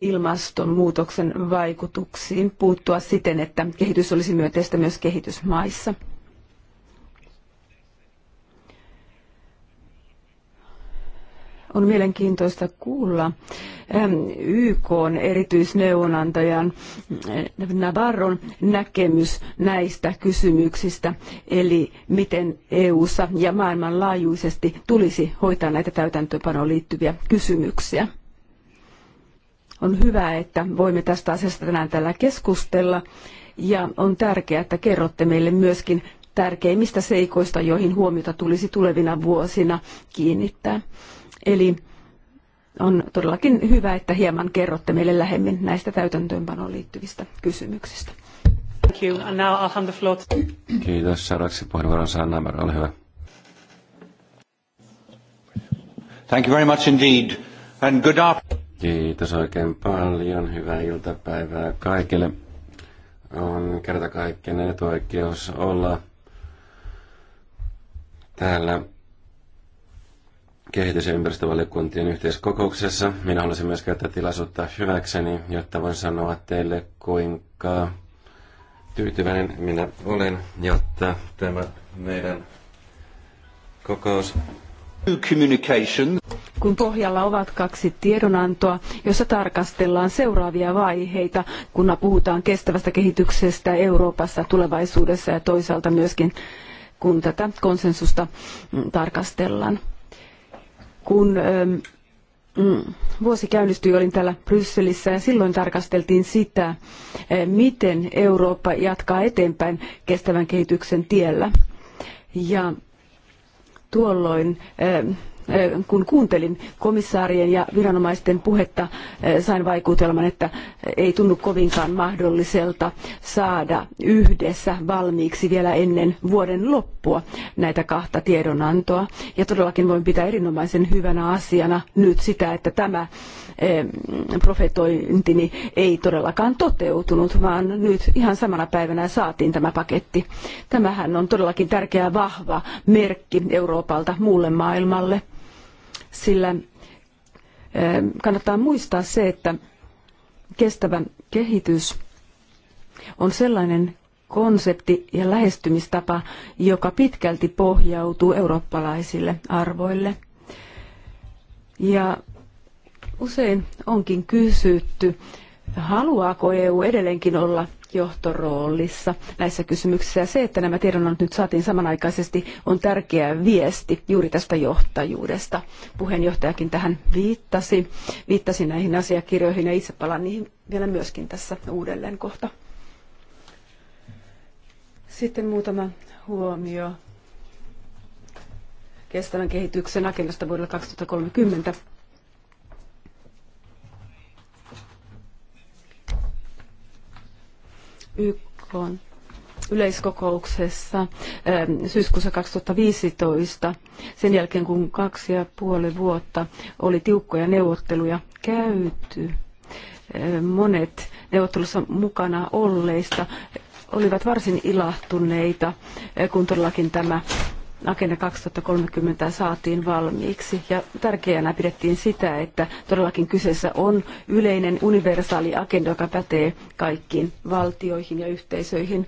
ilmastonmuutoksen vaikutuksiin puuttua siten, että kehitys olisi myönteistä myös kehitysmaissa. On mielenkiintoista kuulla ähm, YK on erityisneuvonantajan äh, Navarron näkemys näistä kysymyksistä, eli miten EU:ssa ja maailmanlaajuisesti tulisi hoitaa näitä täytäntöpanoon liittyviä kysymyksiä. On hyvä, että voimme tästä asiasta tänään täällä keskustella ja on tärkeää, että kerrotte meille myöskin tärkeimmistä seikoista, joihin huomiota tulisi tulevina vuosina kiinnittää. Eli on todellakin hyvä, että hieman kerrotte meille lähemmin näistä täytäntöönpanoon liittyvistä kysymyksistä. Thank you. And now I'll hand the floor to... Kiitos. Seuraavaksi puheenvuoron saa Ole hyvä. Thank you very much indeed. And good afternoon. Kiitos oikein paljon. Hyvää iltapäivää kaikille. On kerta kaikkien etuoikeus olla täällä kehitys- ja ympäristövaliokuntien yhteiskokouksessa. Minä haluaisin myös käyttää tilaisuutta hyväkseni, jotta voin sanoa teille, kuinka tyytyväinen minä olen, jotta tämä meidän kokous kun pohjalla ovat kaksi tiedonantoa, jossa tarkastellaan seuraavia vaiheita, kun puhutaan kestävästä kehityksestä Euroopassa tulevaisuudessa ja toisaalta myöskin kun tätä konsensusta mm, tarkastellaan. Kun ähm, mm, vuosi käynnistyi, olin täällä Brysselissä ja silloin tarkasteltiin sitä, äh, miten Eurooppa jatkaa eteenpäin kestävän kehityksen tiellä. Ja Tuolloin eh, kun kuuntelin komissaarien ja viranomaisten puhetta, sain vaikutelman, että ei tunnu kovinkaan mahdolliselta saada yhdessä valmiiksi vielä ennen vuoden loppua näitä kahta tiedonantoa. Ja todellakin voin pitää erinomaisen hyvänä asiana nyt sitä, että tämä profetointini ei todellakaan toteutunut, vaan nyt ihan samana päivänä saatiin tämä paketti. Tämähän on todellakin tärkeä vahva merkki Euroopalta muulle maailmalle sillä eh, kannattaa muistaa se, että kestävä kehitys on sellainen konsepti ja lähestymistapa, joka pitkälti pohjautuu eurooppalaisille arvoille. Ja usein onkin kysytty, haluaako EU edelleenkin olla johtoroolissa näissä kysymyksissä. Ja se, että nämä tiedonannot nyt saatiin samanaikaisesti, on tärkeä viesti juuri tästä johtajuudesta. Puheenjohtajakin tähän viittasi, viittasi näihin asiakirjoihin ja itse palaan niihin vielä myöskin tässä uudelleen kohta. Sitten muutama huomio kestävän kehityksen agendasta vuodelle 2030. YK yleiskokouksessa ähm, syyskuussa 2015, sen jälkeen kun kaksi ja puoli vuotta oli tiukkoja neuvotteluja käyty. Ähm, monet neuvottelussa mukana olleista olivat varsin ilahtuneita, äh, kun todellakin tämä Agenda 2030 saatiin valmiiksi ja tärkeänä pidettiin sitä, että todellakin kyseessä on yleinen universaali agenda, joka pätee kaikkiin valtioihin ja yhteisöihin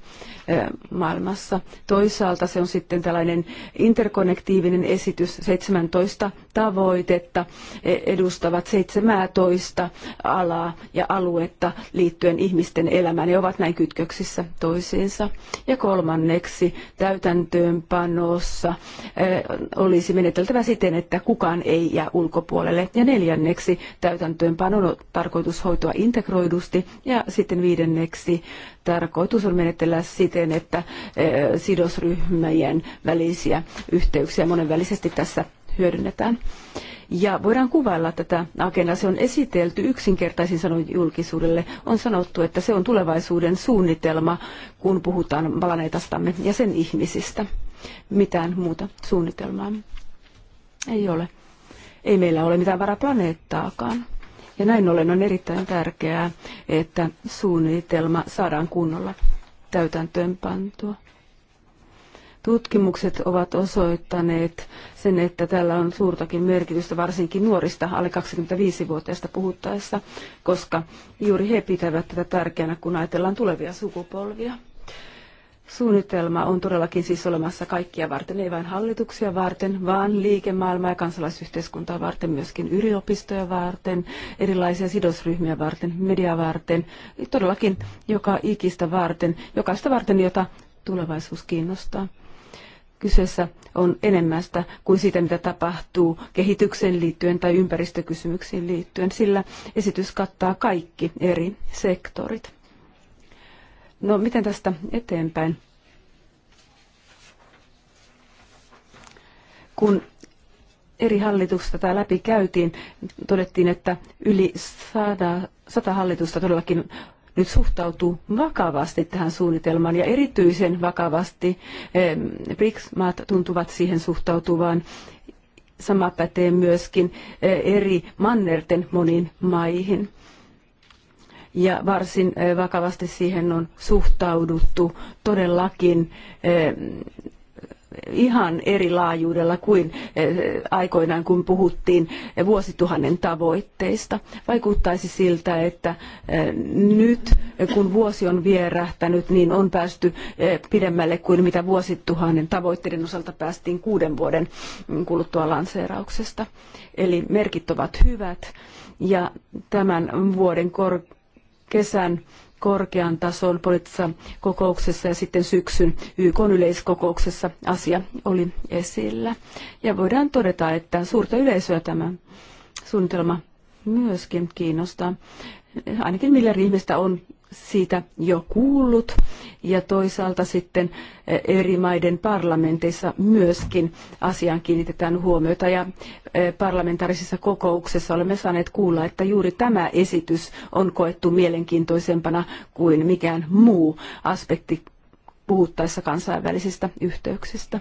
maailmassa. Toisaalta se on sitten tällainen interkonnektiivinen esitys 17 tavoitetta e, edustavat 17 alaa ja aluetta liittyen ihmisten elämään ja ovat näin kytköksissä toisiinsa. Ja kolmanneksi täytäntöönpanossa e, olisi meneteltävä siten, että kukaan ei jää ulkopuolelle. Ja neljänneksi täytäntöönpanon on tarkoitus hoitua integroidusti. Ja sitten viidenneksi tarkoitus on menetellä siten, että e, sidosryhmien välisiä yhteyksiä monenvälisesti tässä hyödynnetään. Ja voidaan kuvailla tätä agendaa. Se on esitelty yksinkertaisin sanoin julkisuudelle. On sanottu, että se on tulevaisuuden suunnitelma, kun puhutaan planeetastamme ja sen ihmisistä. Mitään muuta suunnitelmaa ei ole. Ei meillä ole mitään varaa planeettaakaan. Ja näin ollen on erittäin tärkeää, että suunnitelma saadaan kunnolla täytäntöönpantua. Tutkimukset ovat osoittaneet sen, että tällä on suurtakin merkitystä varsinkin nuorista alle 25-vuotiaista puhuttaessa, koska juuri he pitävät tätä tärkeänä, kun ajatellaan tulevia sukupolvia. Suunnitelma on todellakin siis olemassa kaikkia varten, ei vain hallituksia varten, vaan liikemaailmaa ja kansalaisyhteiskuntaa varten, myöskin yliopistoja varten, erilaisia sidosryhmiä varten, mediaa varten, todellakin joka ikistä varten, jokaista varten, jota tulevaisuus kiinnostaa kyseessä on enemmästä kuin siitä, mitä tapahtuu kehitykseen liittyen tai ympäristökysymyksiin liittyen, sillä esitys kattaa kaikki eri sektorit. No, miten tästä eteenpäin? Kun eri hallituksista tämä läpi käytiin, todettiin, että yli sata, 100 hallitusta todellakin nyt suhtautuu vakavasti tähän suunnitelmaan ja erityisen vakavasti BRICS-maat tuntuvat siihen suhtautuvan. Sama pätee myöskin eh, eri mannerten moniin maihin. Ja varsin eh, vakavasti siihen on suhtauduttu todellakin ihan eri laajuudella kuin eh, aikoinaan, kun puhuttiin vuosituhannen tavoitteista. Vaikuttaisi siltä, että eh, nyt kun vuosi on vierähtänyt, niin on päästy eh, pidemmälle kuin mitä vuosituhannen tavoitteiden osalta päästiin kuuden vuoden mm, kuluttua lanseerauksesta. Eli merkit ovat hyvät ja tämän vuoden kor- kesän korkean tason poliittisessa kokouksessa ja sitten syksyn YK yleiskokouksessa asia oli esillä. Ja voidaan todeta, että suurta yleisöä tämä suunnitelma myöskin kiinnostaa. Ainakin millä ihmistä on siitä jo kuullut ja toisaalta sitten eh, eri maiden parlamenteissa myöskin asiaan kiinnitetään huomiota ja eh, parlamentaarisessa kokouksessa olemme saaneet kuulla, että juuri tämä esitys on koettu mielenkiintoisempana kuin mikään muu aspekti puhuttaessa kansainvälisistä yhteyksistä.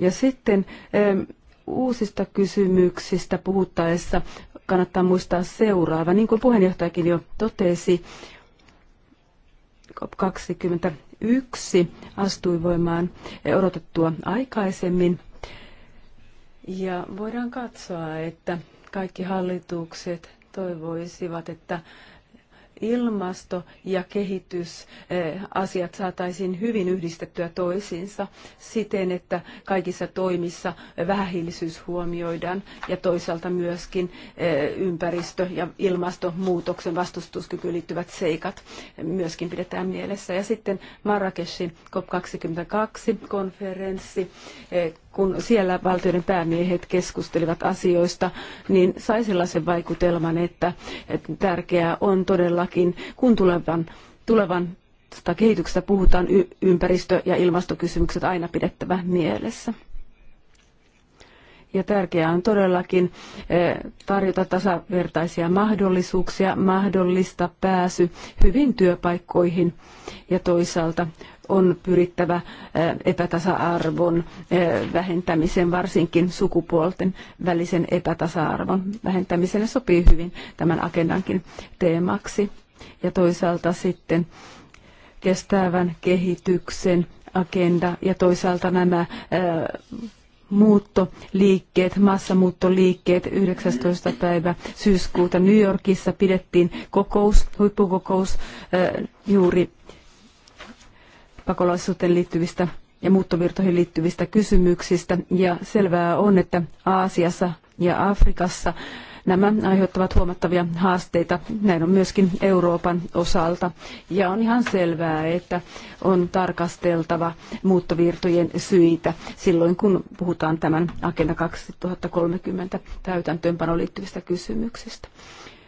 Ja sitten eh, uusista kysymyksistä puhuttaessa kannattaa muistaa seuraava. Niin kuin puheenjohtajakin jo totesi, COP21 astui voimaan odotettua aikaisemmin. Ja voidaan katsoa, että kaikki hallitukset toivoisivat, että ilmasto- ja kehitysasiat eh, saataisiin hyvin yhdistettyä toisiinsa siten, että kaikissa toimissa vähähiilisyys huomioidaan ja toisaalta myöskin eh, ympäristö- ja ilmastonmuutoksen vastustuskykyyn liittyvät seikat myöskin pidetään mielessä. Ja sitten Marrakeshin COP22-konferenssi eh, kun siellä valtioiden päämiehet keskustelivat asioista, niin sai sellaisen vaikutelman, että, että tärkeää on todellakin, kun tulevan, tulevan kehityksestä puhutaan, y- ympäristö- ja ilmastokysymykset aina pidettävä mielessä. Ja tärkeää on todellakin e, tarjota tasavertaisia mahdollisuuksia, mahdollista pääsy hyvin työpaikkoihin ja toisaalta on pyrittävä epätasa-arvon vähentämiseen, varsinkin sukupuolten välisen epätasa-arvon vähentämiselle sopii hyvin tämän agendankin teemaksi. Ja toisaalta sitten kestävän kehityksen agenda ja toisaalta nämä muuttoliikkeet, massamuuttoliikkeet 19. päivä syyskuuta New Yorkissa pidettiin kokous, huippukokous juuri pakolaisuuteen liittyvistä ja muuttovirtoihin liittyvistä kysymyksistä. Ja selvää on, että Aasiassa ja Afrikassa nämä aiheuttavat huomattavia haasteita. Näin on myöskin Euroopan osalta. Ja on ihan selvää, että on tarkasteltava muuttovirtojen syitä silloin, kun puhutaan tämän Agenda 2030 täytäntöönpanoon liittyvistä kysymyksistä.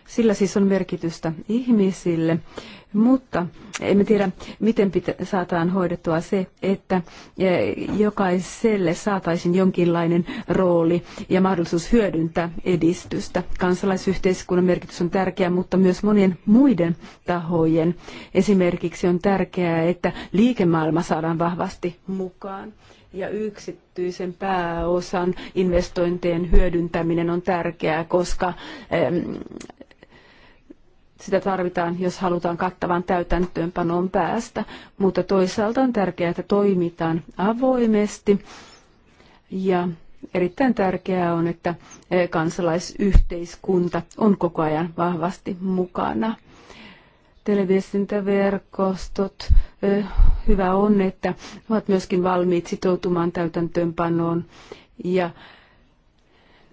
Sillä siis on merkitystä ihmisille, mutta emme tiedä, miten pitä, saataan hoidettua se, että jokaiselle saataisiin jonkinlainen rooli ja mahdollisuus hyödyntää edistystä. Kansalaisyhteiskunnan merkitys on tärkeä, mutta myös monien muiden tahojen. Esimerkiksi on tärkeää, että liikemaailma saadaan vahvasti mukaan ja yksityisen pääosan investointien hyödyntäminen on tärkeää, koska sitä tarvitaan, jos halutaan kattavan täytäntöönpanoon päästä, mutta toisaalta on tärkeää, että toimitaan avoimesti ja erittäin tärkeää on, että eh, kansalaisyhteiskunta on koko ajan vahvasti mukana. Televiestintäverkostot, eh, hyvä on, että ovat myöskin valmiit sitoutumaan täytäntöönpanoon ja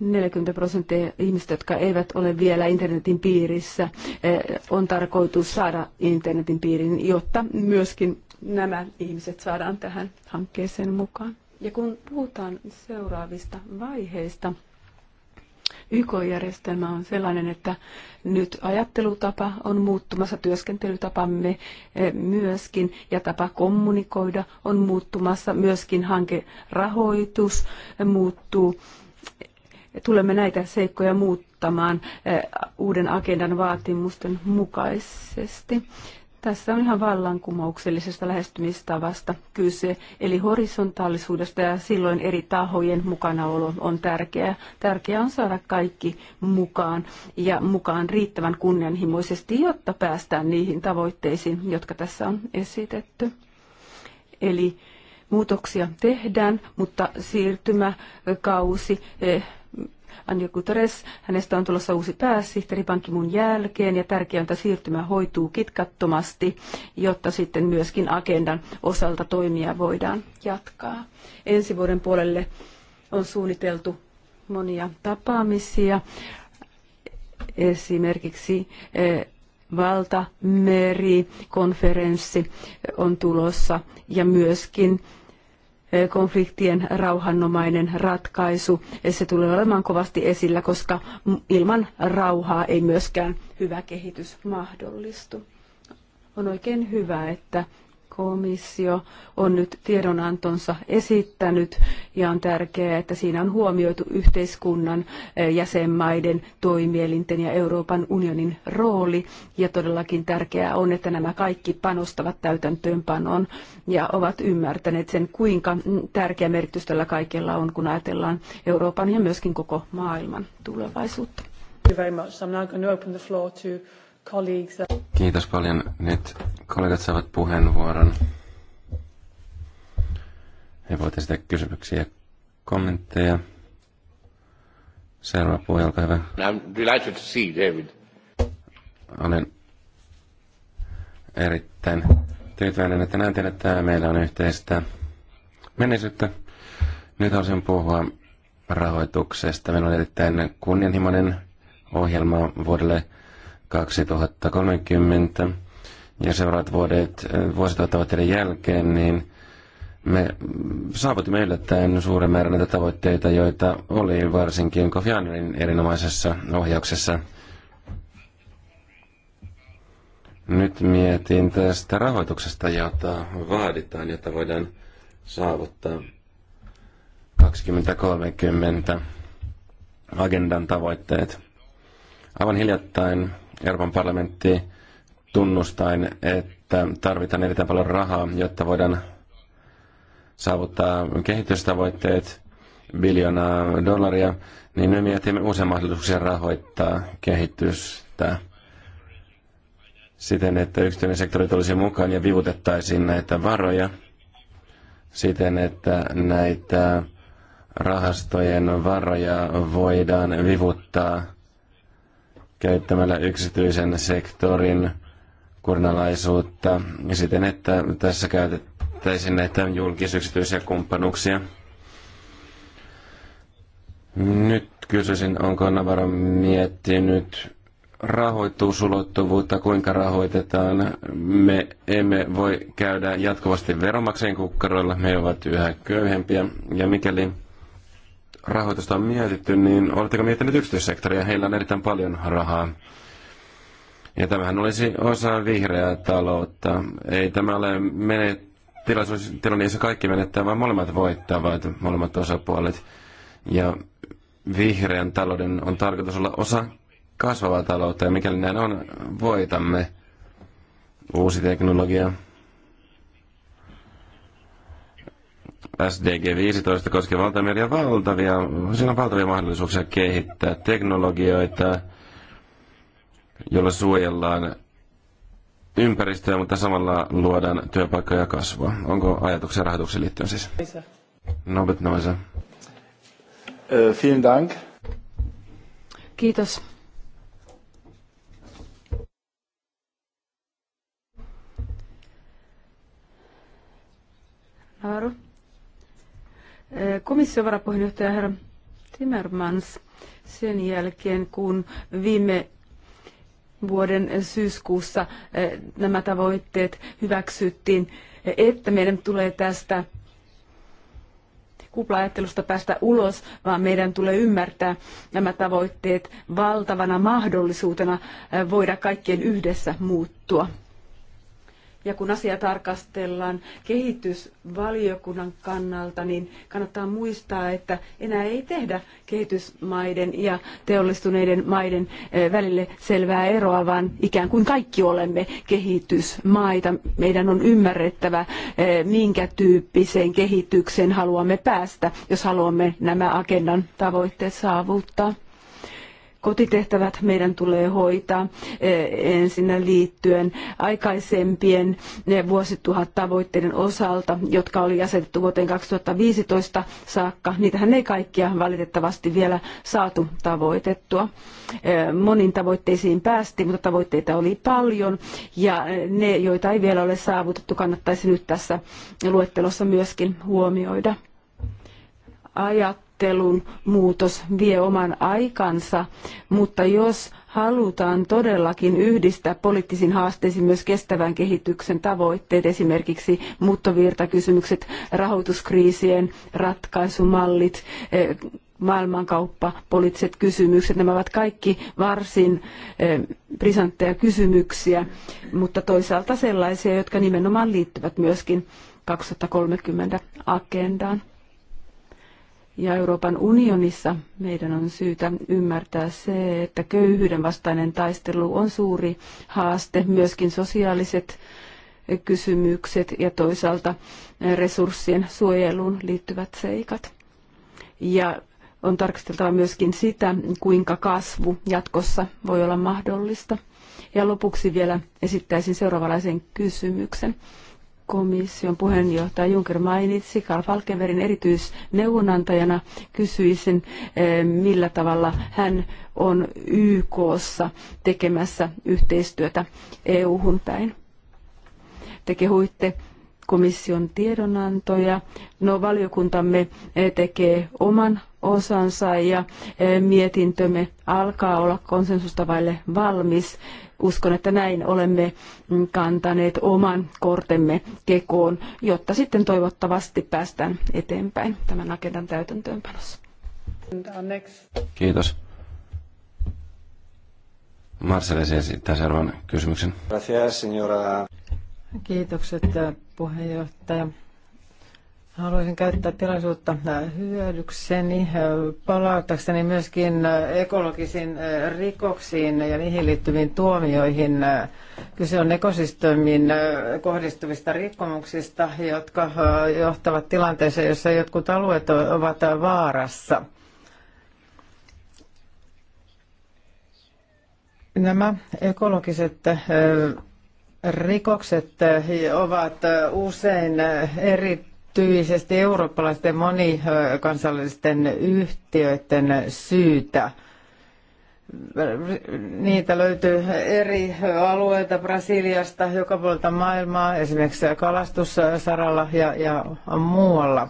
40 prosenttia ihmistä, jotka eivät ole vielä internetin piirissä, eh, on tarkoitus saada internetin piiriin, jotta myöskin nämä ihmiset saadaan tähän hankkeeseen mukaan. Ja kun puhutaan seuraavista vaiheista, YK-järjestelmä on sellainen, että nyt ajattelutapa on muuttumassa, työskentelytapamme eh, myöskin ja tapa kommunikoida on muuttumassa, myöskin hankerahoitus muuttuu tulemme näitä seikkoja muuttamaan eh, uuden agendan vaatimusten mukaisesti. Tässä on ihan vallankumouksellisesta lähestymistavasta kyse, eli horisontaalisuudesta ja silloin eri tahojen mukanaolo on tärkeää. Tärkeää on saada kaikki mukaan ja mukaan riittävän kunnianhimoisesti, jotta päästään niihin tavoitteisiin, jotka tässä on esitetty. Eli muutoksia tehdään, mutta siirtymäkausi eh, Anja Guterres, hänestä on tulossa uusi pääsihteeri pankkimun jälkeen ja tärkeää on, että siirtymä hoituu kitkattomasti, jotta sitten myöskin agendan osalta toimia voidaan jatkaa. Ensi vuoden puolelle on suunniteltu monia tapaamisia, esimerkiksi eh, valtamerikonferenssi on tulossa ja myöskin konfliktien rauhanomainen ratkaisu. Se tulee olemaan kovasti esillä, koska ilman rauhaa ei myöskään hyvä kehitys mahdollistu. On oikein hyvä, että komissio on nyt tiedonantonsa esittänyt ja on tärkeää, että siinä on huomioitu yhteiskunnan, eh, jäsenmaiden, toimielinten ja Euroopan unionin rooli. Ja todellakin tärkeää on, että nämä kaikki panostavat täytäntöönpanoon ja ovat ymmärtäneet sen, kuinka tärkeä merkitys tällä kaikella on, kun ajatellaan Euroopan ja myöskin koko maailman tulevaisuutta. Thank you very much. I'm now going to open the floor to colleagues. Kiitos paljon. Nyt kollegat saavat puheenvuoron. He voivat esittää kysymyksiä ja kommentteja. Seuraava puhuja, olkaa hyvä. I'm delighted to see David. Olen erittäin tyytyväinen, että näen teidät täällä. Meillä on yhteistä menneisyyttä. Nyt haluaisin puhua rahoituksesta. Meillä on erittäin kunnianhimoinen ohjelma vuodelle 2030 ja seuraavat vuodet, vuosituhattavoitteiden jälkeen, niin me saavutimme yllättäen suuren määrän näitä tavoitteita, joita oli varsinkin Kofi Annanin erinomaisessa ohjauksessa. Nyt mietin tästä rahoituksesta, jota vaaditaan, jota voidaan saavuttaa 2030 agendan tavoitteet. Aivan hiljattain Euroopan parlamentti tunnustain, että tarvitaan erittäin paljon rahaa, jotta voidaan saavuttaa kehitystavoitteet, biljoonaa dollaria, niin me mietimme uusia mahdollisuuksia rahoittaa kehitystä siten, että yksityinen sektori tulisi mukaan ja vivutettaisiin näitä varoja siten, että näitä rahastojen varoja voidaan vivuttaa – käyttämällä yksityisen sektorin kurnalaisuutta siten, että tässä käytettäisiin näitä julkisyksityisiä kumppanuuksia. Nyt kysyisin, onko Navarro miettinyt rahoitusulottuvuutta, kuinka rahoitetaan. Me emme voi käydä jatkuvasti veronmaksajien kukkaroilla, me ovat yhä köyhempiä. Ja mikäli rahoitusta on mietitty, niin oletteko miettineet yksityissektoria? Heillä on erittäin paljon rahaa. Ja tämähän olisi osa vihreää taloutta. Ei tämä ole mene, tilaisuus, tilanne, jossa kaikki menettää, vaan molemmat voittavat, molemmat osapuolet. Ja vihreän talouden on tarkoitus olla osa kasvavaa taloutta, ja mikäli näin on, voitamme uusi teknologia, SDG 15 koskee valtameriä valtavia, siinä on valtavia mahdollisuuksia kehittää teknologioita, joilla suojellaan ympäristöä, mutta samalla luodaan työpaikkoja ja kasvua. Onko ajatuksia rahoituksen liittyen siis? Nobet Noisa. Vielen Dank. Kiitos. Nauru komission varapuheenjohtaja herra Timmermans sen jälkeen, kun viime vuoden syyskuussa eh, nämä tavoitteet hyväksyttiin, eh, että meidän tulee tästä kupla-ajattelusta päästä ulos, vaan meidän tulee ymmärtää nämä tavoitteet valtavana mahdollisuutena eh, voida kaikkien yhdessä muuttua. Ja kun asia tarkastellaan kehitysvaliokunnan kannalta, niin kannattaa muistaa, että enää ei tehdä kehitysmaiden ja teollistuneiden maiden eh, välille selvää eroa, vaan ikään kuin kaikki olemme kehitysmaita. Meidän on ymmärrettävä, eh, minkä tyyppiseen kehitykseen haluamme päästä, jos haluamme nämä agendan tavoitteet saavuttaa kotitehtävät meidän tulee hoitaa eh, ensinnä liittyen aikaisempien eh, vuosituhat tavoitteiden osalta, jotka oli asetettu vuoteen 2015 saakka. Niitähän ei kaikkia valitettavasti vielä saatu tavoitettua. Eh, Monin tavoitteisiin päästiin, mutta tavoitteita oli paljon ja ne, joita ei vielä ole saavutettu, kannattaisi nyt tässä luettelossa myöskin huomioida. Ajat ajattelun muutos vie oman aikansa, mutta jos halutaan todellakin yhdistää poliittisiin haasteisiin myös kestävän kehityksen tavoitteet, esimerkiksi muuttovirtakysymykset, rahoituskriisien ratkaisumallit, eh, maailmankauppa, poliittiset kysymykset, nämä ovat kaikki varsin eh, prisantteja kysymyksiä, mutta toisaalta sellaisia, jotka nimenomaan liittyvät myöskin 2030 agendaan. Ja Euroopan unionissa meidän on syytä ymmärtää se, että köyhyyden vastainen taistelu on suuri haaste, myöskin sosiaaliset kysymykset ja toisaalta resurssien suojeluun liittyvät seikat. Ja on tarkasteltava myöskin sitä, kuinka kasvu jatkossa voi olla mahdollista. Ja lopuksi vielä esittäisin seuraavanlaisen kysymyksen komission puheenjohtaja Juncker mainitsi Karl Falkenbergin erityisneuvonantajana. Kysyisin, eh, millä tavalla hän on YKssa tekemässä yhteistyötä EU-hun päin. Te kehuitte komission tiedonantoja. No valiokuntamme eh, tekee oman osansa ja eh, mietintömme alkaa olla konsensusta vaille valmis. Uskon, että näin olemme mm, kantaneet oman kortemme kekoon, jotta sitten toivottavasti päästään eteenpäin tämän agendan täytäntöönpanossa. Kiitos. Marcel esittää seuraavan kysymyksen. Kiitokset puheenjohtaja. Haluaisin käyttää tilaisuutta äh, hyödykseni äh, palautakseni myöskin äh, ekologisiin rikoksiin ja niihin liittyviin tuomioihin. Kyse on ekosysteemiin kohdistuvista rikkomuksista, jotka johtavat tilanteeseen, jossa jotkut alueet ovat vaarassa. Nämä ekologiset rikokset eh, ovat eh, usein eh, erityisesti eurooppalaisten monikansallisten yhtiöiden syytä. Niitä löytyy eri alueilta Brasiliasta, joka puolelta maailmaa, esimerkiksi kalastussaralla ja, ja muualla.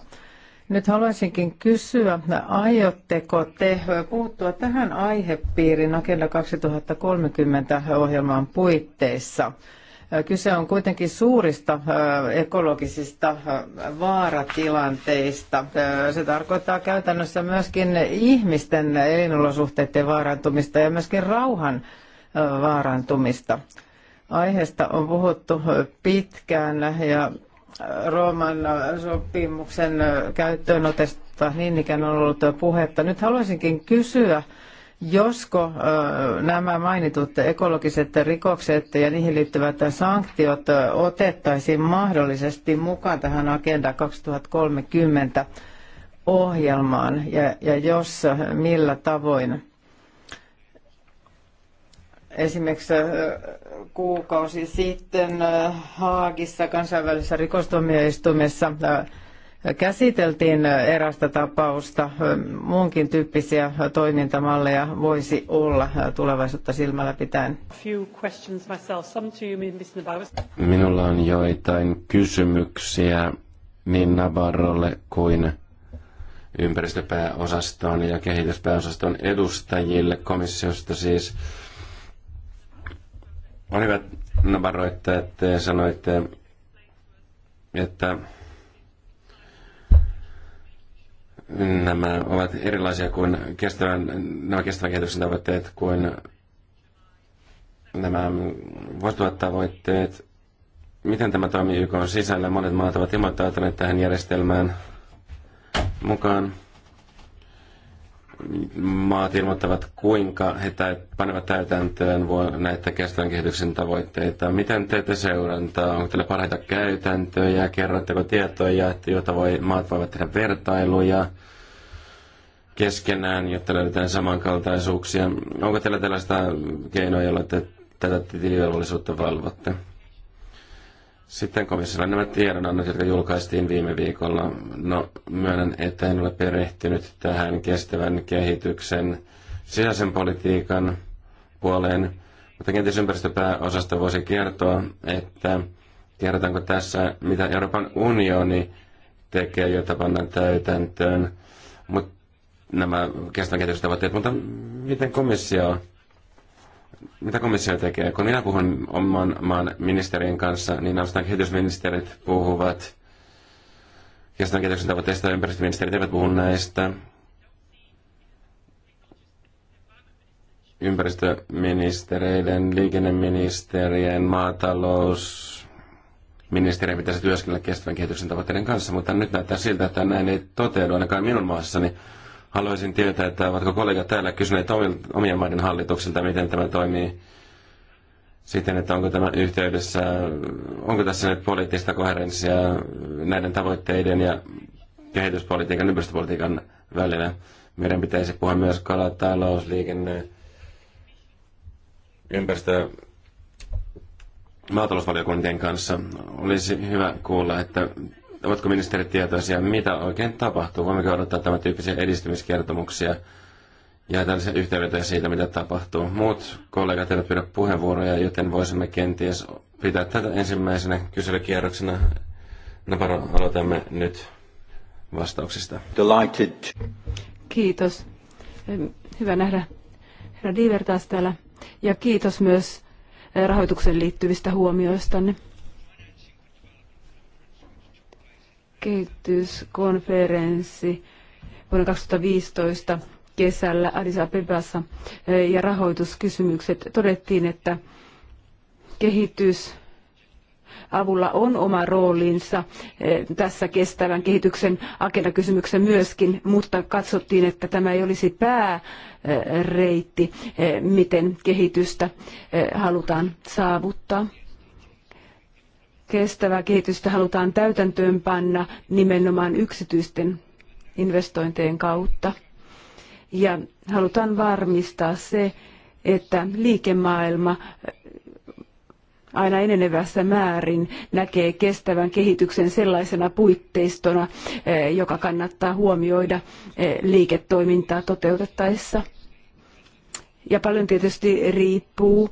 Nyt haluaisinkin kysyä, aiotteko te puuttua tähän aihepiirin Agenda 2030 ohjelman puitteissa? Kyse on kuitenkin suurista ekologisista vaaratilanteista. Se tarkoittaa käytännössä myöskin ihmisten elinolosuhteiden vaarantumista ja myöskin rauhan vaarantumista. Aiheesta on puhuttu pitkään ja Rooman sopimuksen käyttöönotesta niin ikään on ollut puhetta. Nyt haluaisinkin kysyä, Josko äh, nämä mainitut ekologiset rikokset ja niihin liittyvät sanktiot äh, otettaisiin mahdollisesti mukaan tähän Agenda 2030 ohjelmaan ja, ja jos äh, millä tavoin esimerkiksi kuukausi sitten Haagissa kansainvälisessä rikostuomioistuimessa käsiteltiin erästä tapausta. Muunkin tyyppisiä toimintamalleja voisi olla tulevaisuutta silmällä pitäen. Minulla on joitain kysymyksiä niin Navarrolle kuin ympäristöpääosaston ja kehityspääosaston edustajille komissiosta siis. On hyvä Navarro, että te sanoitte, että nämä ovat erilaisia kuin kestävän, nämä kestävän kehityksen tavoitteet kuin nämä tavoitteet. Miten tämä toimii YK on sisällä? Monet maat ovat ilmoittautuneet tähän järjestelmään mukaan maat ilmoittavat, kuinka he panevat täytäntöön näitä kestävän kehityksen tavoitteita. Miten teette seurantaa? Onko teillä parhaita käytäntöjä? Kerrotteko tietoja, joita voi, maat voivat tehdä vertailuja keskenään, jotta löydetään samankaltaisuuksia? Onko teillä tällaista keinoa, jolla te tätä tilivelvollisuutta valvotte? Sitten komissiolla nämä tiedonannot, jotka julkaistiin viime viikolla. No, myönnän, että en ole perehtynyt tähän kestävän kehityksen sisäisen politiikan puoleen, mutta kenties ympäristöpääosasta voisi kertoa, että kerrotaanko tässä, mitä Euroopan unioni tekee, jota pannaan täytäntöön, mutta nämä kestävän tavoitteet, mutta miten komissio mitä komissio tekee? Kun minä puhun oman maan ministerin kanssa, niin ainoastaan kehitysministerit puhuvat kestävän kehityksen tavoitteista ja ympäristöministerit eivät puhu näistä. Ympäristöministereiden, liikenneministerien, maatalous, pitäisi työskennellä kestävän kehityksen tavoitteiden kanssa, mutta nyt näyttää siltä, että näin ei toteudu ainakaan minun maassani. Haluaisin tietää, että ovatko kollegat täällä kysyneet omien maiden hallituksilta, miten tämä toimii siten, että onko tämä yhteydessä, onko tässä nyt poliittista koherenssia näiden tavoitteiden ja kehityspolitiikan, ympäristöpolitiikan välillä. Meidän pitäisi puhua myös kalatalous, liikenne, ympäristö, maatalousvaliokuntien kanssa. Olisi hyvä kuulla, että Ovatko ministerit tietoisia, mitä oikein tapahtuu? Voimmeko odottaa tämän tyyppisiä edistymiskertomuksia ja tällaisia yhteenvetoja siitä, mitä tapahtuu? Muut kollegat eivät pyydä puheenvuoroja, joten voisimme kenties pitää tätä ensimmäisenä kyselykierroksena. Naparo, aloitamme nyt vastauksista. Delighted. Kiitos. Hyvä nähdä herra Diver taas täällä. Ja kiitos myös eh, rahoitukseen liittyvistä huomioistanne. kehityskonferenssi vuonna 2015 kesällä Addis Abebassa e, ja rahoituskysymykset todettiin, että kehitys avulla on oma roolinsa e, tässä kestävän kehityksen agendakysymyksen myöskin, mutta katsottiin, että tämä ei olisi pääreitti, e, miten kehitystä halutaan saavuttaa kestävää kehitystä halutaan täytäntöönpanna nimenomaan yksityisten investointien kautta. Ja halutaan varmistaa se, että liikemaailma äh, aina enenevässä määrin näkee kestävän kehityksen sellaisena puitteistona, äh, joka kannattaa huomioida äh, liiketoimintaa toteutettaessa. Ja paljon tietysti riippuu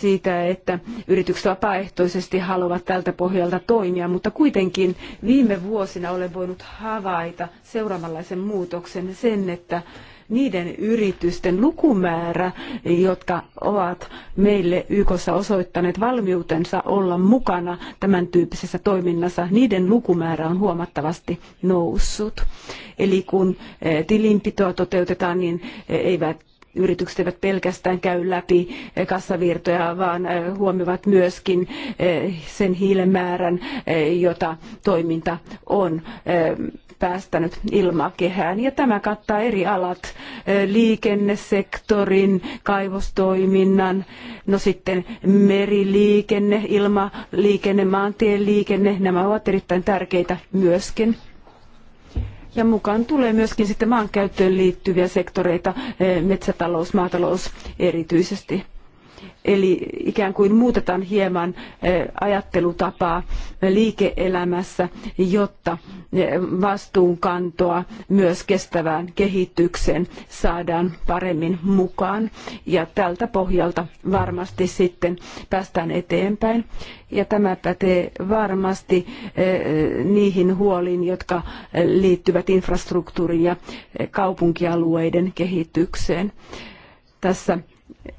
siitä, että yritykset vapaaehtoisesti haluavat tältä pohjalta toimia, mutta kuitenkin viime vuosina olen voinut havaita seuraavanlaisen muutoksen sen, että niiden yritysten lukumäärä, jotka ovat meille YKssa osoittaneet valmiutensa olla mukana tämän tyyppisessä toiminnassa, niiden lukumäärä on huomattavasti noussut. Eli kun eh, tilinpitoa toteutetaan, niin eh, eivät yritykset eivät pelkästään käy läpi eh, kassavirtoja, vaan eh, huomioivat myöskin eh, sen määrän, jota toiminta on päästänyt ilmakehään. Ja tämä kattaa eri alat, liikennesektorin, kaivostoiminnan, no sitten meriliikenne, ilmaliikenne, maantieliikenne, nämä ovat erittäin tärkeitä myöskin. Ja mukaan tulee myöskin sitten maankäyttöön liittyviä sektoreita, eh, metsätalous, maatalous erityisesti. Eli ikään kuin muutetaan hieman eh, ajattelutapaa liike-elämässä, jotta eh, vastuunkantoa myös kestävään kehitykseen saadaan paremmin mukaan. Ja tältä pohjalta varmasti sitten päästään eteenpäin. Ja tämä pätee varmasti eh, niihin huoliin, jotka liittyvät infrastruktuurin ja kaupunkialueiden kehitykseen. Tässä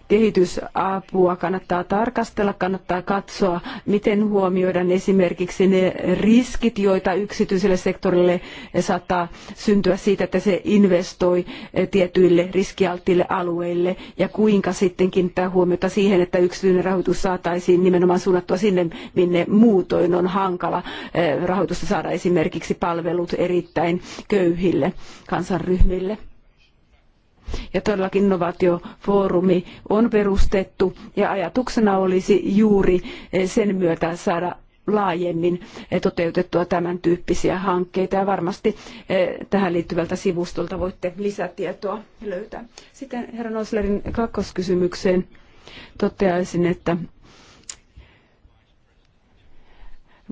kehitysapua kannattaa tarkastella, kannattaa katsoa, miten huomioidaan esimerkiksi ne riskit, joita yksityiselle sektorille saattaa syntyä siitä, että se investoi tietyille riskialttiille alueille ja kuinka sitten kiinnittää huomiota siihen, että yksityinen rahoitus saataisiin nimenomaan suunnattua sinne, minne muutoin on hankala eh, rahoitusta saada esimerkiksi palvelut erittäin köyhille kansanryhmille. Ja todellakin innovaatiofoorumi on perustettu ja ajatuksena olisi juuri eh, sen myötä saada laajemmin eh, toteutettua tämän tyyppisiä hankkeita ja varmasti eh, tähän liittyvältä sivustolta voitte lisätietoa löytää. Sitten herra Noslerin kakkoskysymykseen toteaisin, että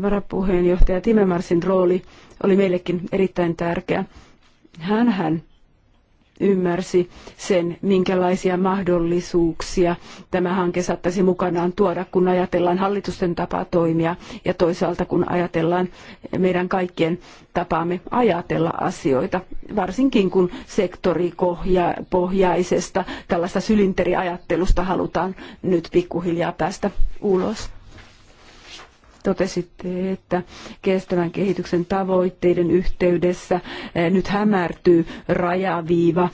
varapuheenjohtaja Timemarsin rooli oli meillekin erittäin tärkeä. Hänhän ymmärsi sen, minkälaisia mahdollisuuksia tämä hanke saattaisi mukanaan tuoda, kun ajatellaan hallitusten tapaa toimia ja toisaalta kun ajatellaan meidän kaikkien tapaamme ajatella asioita, varsinkin kun sektoripohjaisesta tällaista sylinteriajattelusta halutaan nyt pikkuhiljaa päästä ulos. Totesitte, että kestävän kehityksen tavoitteiden yhteydessä eh, nyt hämärtyy rajaviiva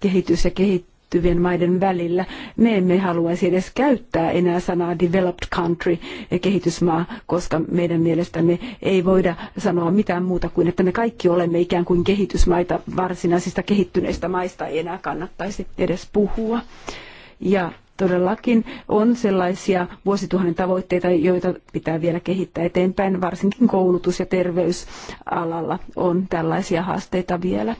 kehitys ja kehittyvien maiden välillä. Me emme haluaisi edes käyttää enää sanaa developed country, eh, kehitysmaa, koska meidän mielestämme ei voida sanoa mitään muuta kuin, että me kaikki olemme ikään kuin kehitysmaita, varsinaisista kehittyneistä maista ei enää kannattaisi edes puhua. Ja Todellakin on sellaisia vuosituhannen tavoitteita, joita pitää vielä kehittää eteenpäin. Varsinkin koulutus- ja terveysalalla on tällaisia haasteita vielä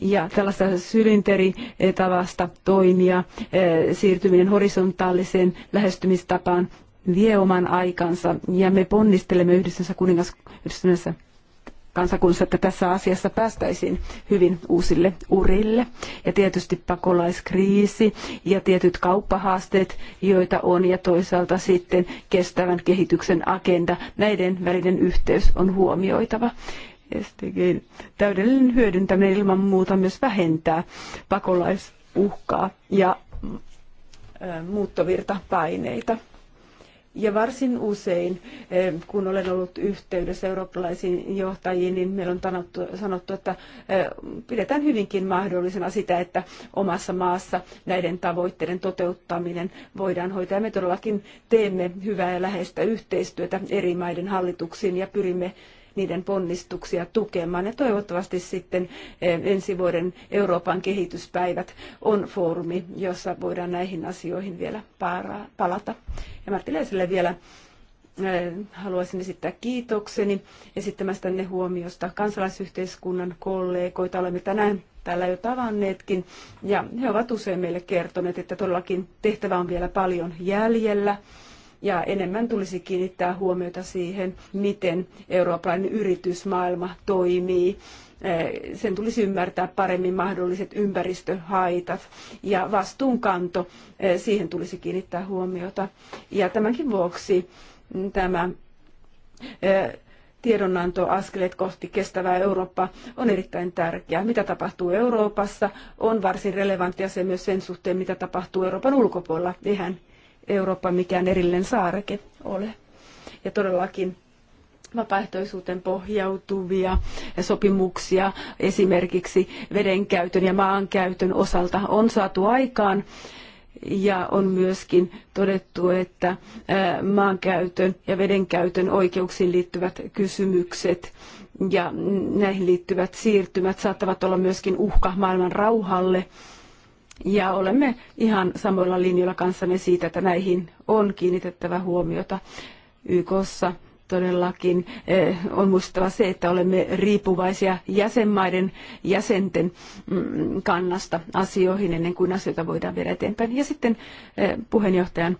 ja tällaista sylinteritavasta toimia, eh, siirtyminen horisontaaliseen lähestymistapaan vie oman aikansa ja me ponnistelemme yhdessä kuningas, yhdistyneessä kansakunnassa, että tässä asiassa päästäisiin hyvin uusille urille. Ja tietysti pakolaiskriisi ja tietyt kauppahaasteet, joita on, ja toisaalta sitten kestävän kehityksen agenda, näiden välinen yhteys on huomioitava. SDGn täydellinen hyödyntäminen ilman muuta myös vähentää pakolaisuhkaa ja muuttovirtapaineita. Ja varsin usein, eh, kun olen ollut yhteydessä eurooppalaisiin johtajiin, niin meillä on tanottu, sanottu, että eh, pidetään hyvinkin mahdollisena sitä, että omassa maassa näiden tavoitteiden toteuttaminen voidaan hoitaa. Me todellakin teemme hyvää ja läheistä yhteistyötä eri maiden hallituksiin ja pyrimme niiden ponnistuksia tukemaan. Ja toivottavasti sitten eh, ensi vuoden Euroopan kehityspäivät on foorumi, jossa voidaan näihin asioihin vielä palata. Ja Marttilaiselle vielä eh, haluaisin esittää kiitokseni esittämästänne huomiosta kansalaisyhteiskunnan kollegoita. Olemme tänään täällä jo tavanneetkin ja he ovat usein meille kertoneet, että todellakin tehtävä on vielä paljon jäljellä ja enemmän tulisi kiinnittää huomiota siihen, miten eurooppalainen yritysmaailma toimii. Eh, sen tulisi ymmärtää paremmin mahdolliset ympäristöhaitat ja vastuunkanto, eh, siihen tulisi kiinnittää huomiota. Ja tämänkin vuoksi mm, tämä eh, tiedonanto askeleet kohti kestävää Eurooppaa on erittäin tärkeää. Mitä tapahtuu Euroopassa on varsin relevanttia se myös sen suhteen, mitä tapahtuu Euroopan ulkopuolella. Eihän Eurooppa mikään erillinen saareke ole. Ja todellakin vapaaehtoisuuteen pohjautuvia sopimuksia esimerkiksi vedenkäytön ja maankäytön osalta on saatu aikaan. Ja on myöskin todettu, että maankäytön ja vedenkäytön oikeuksiin liittyvät kysymykset ja näihin liittyvät siirtymät saattavat olla myöskin uhka maailman rauhalle ja olemme ihan samoilla linjoilla kanssamme siitä, että näihin on kiinnitettävä huomiota YKssa todellakin eh, on muistettava se, että olemme riippuvaisia jäsenmaiden jäsenten mm, kannasta asioihin ennen kuin asioita voidaan viedä eteenpäin. Ja sitten eh, puheenjohtajan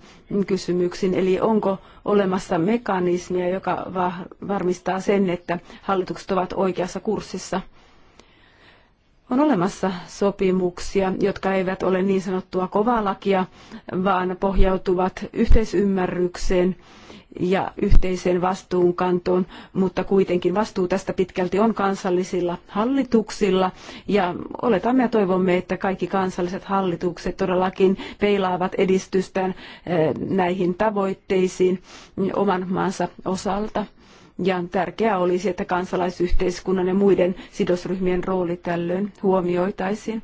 kysymyksiin, eli onko olemassa mekanismia, joka varmistaa sen, että hallitukset ovat oikeassa kurssissa – on olemassa sopimuksia, jotka eivät ole niin sanottua kovaa lakia, vaan pohjautuvat yhteisymmärrykseen ja yhteiseen vastuunkantoon, mutta kuitenkin vastuu tästä pitkälti on kansallisilla hallituksilla. Ja oletamme ja toivomme, että kaikki kansalliset hallitukset todellakin peilaavat edistystään eh, näihin tavoitteisiin oman maansa osalta. Ja tärkeää olisi, että kansalaisyhteiskunnan ja muiden sidosryhmien rooli tällöin huomioitaisiin.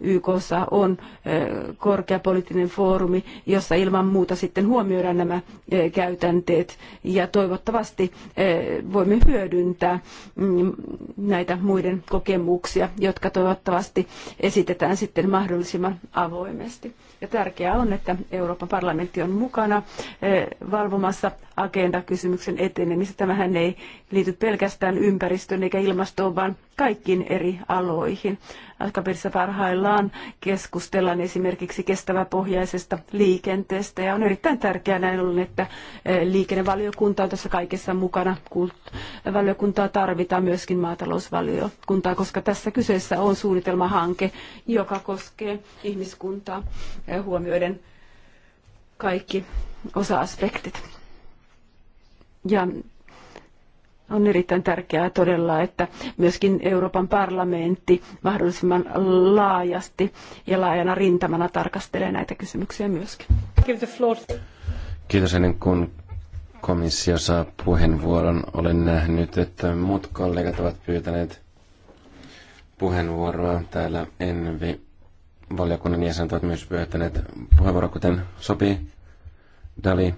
YKssa on eh, korkea poliittinen foorumi, jossa ilman muuta sitten huomioidaan nämä eh, käytänteet ja toivottavasti eh, voimme hyödyntää mm, näitä muiden kokemuksia, jotka toivottavasti esitetään sitten mahdollisimman avoimesti. Ja tärkeää on, että Euroopan parlamentti on mukana eh, valvomassa agenda-kysymyksen etenemistä. Tämähän ei liity pelkästään ympäristöön eikä ilmastoon, vaan kaikkiin eri aloihin. Alkaperissa parhaillaan keskustellaan esimerkiksi kestäväpohjaisesta liikenteestä ja on erittäin tärkeää näin ollen, että eh, liikennevaliokunta on tässä kaikessa mukana. Valiokuntaa tarvitaan myöskin maatalousvaliokuntaa, koska tässä kyseessä on suunnitelmahanke, joka koskee ihmiskuntaa eh, huomioiden kaikki osa-aspektit. Ja on erittäin tärkeää todella, että myöskin Euroopan parlamentti mahdollisimman laajasti ja laajana rintamana tarkastelee näitä kysymyksiä myöskin. Kiitos ennen kuin komissio saa puheenvuoron. Olen nähnyt, että muut kollegat ovat pyytäneet puheenvuoroa täällä Envi valiokunnan jäsenet ovat myös pyytäneet puheenvuoro, kuten sopii. Dali.